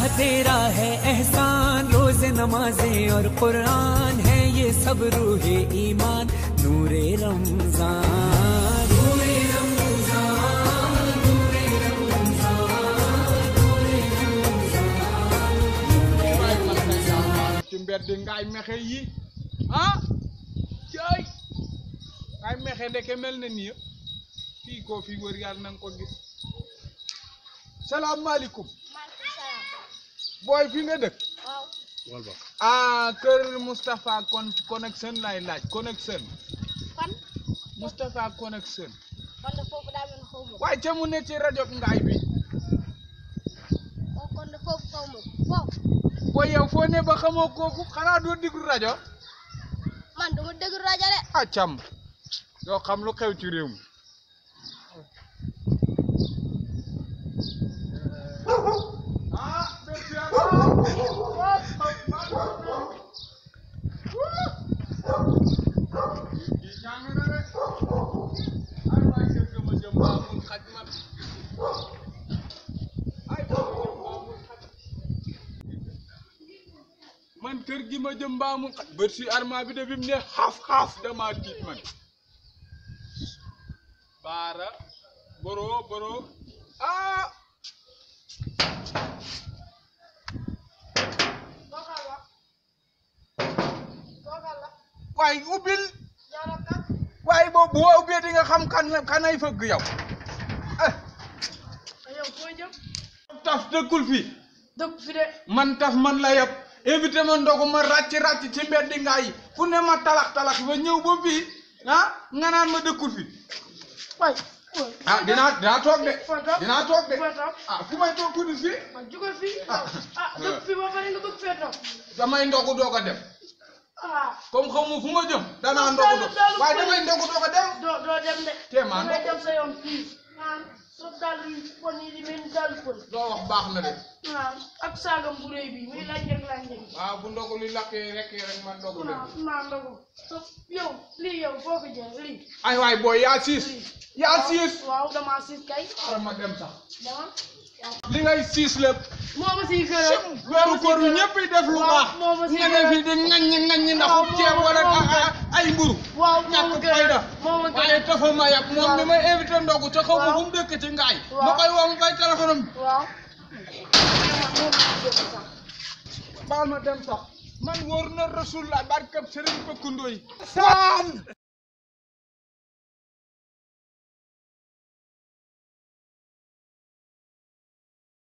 अल्लाह तेरा है एहसान रोज नमाजे और कुरान है ये सब रूहे ईमान नूरे रमजान हाँ? Salam alaikum. booy fi nga dëkk. waaw. ah kër Moustapha kon lay laaj connexion. fan. Moustapha connexion. kon de xaw ma. waaye ca ci rajo ngaay bi. kon de foofu xaw ma foofu. booy yow foo ne ba rajo. man du ma déglu rajo de. ah doo xam lu xew ci réew mi. man kër gi ma jëm baamu mu ci si arma bi de bi ne xaaf-xaaf dama tiit man baara boro boro ah waaye ubil waaye bo boo ubé di nga xam kan kanay fëgg yow ah. yow taf dëkkul fi dëkk fi de man taf man la yapp évité ma ndogu ma ràcc ràcc ci mbedd ngaay fu ne ma talax talax ba ñëw ba fii ah nga naan ma dëkkul fi waay. ah toog de. dinaa toog de ah fu may toog ku ni fii. ma ah. jóge fii ah dëkk fii ba pare ndogu doog a dem. Ah. comme xamu fu ma jëm. danaa ndogu doog dem. te maa ndogu dem waaw soo dàll yi kon yi di loo wax baax na de. waaw ak saagam bu rëy bi muy laaj ak laaj bi. waaw bu ndogu li lakkee rek rek man ndogu de. waaw maa ndogu yow ay waay booy yaa siis. yaa siis waaw damaa siis kay. xaaral ma dem sax. li ngay siis lépp. moo ma siy gërëm weeru koor bi ñëpp def lu baax. moo ma siy gërëm nga ne fii di ŋaññi ŋaññi ndax ceeb wala ay mburu. waaw moo ma gërëm ma yab moom mi may invité ndogu ca xaw ma fu mu dëkk ci ngaay. ma koy woo mu bay téléphone am. waaw. baal ma dem sax. man wóor na Rasulullah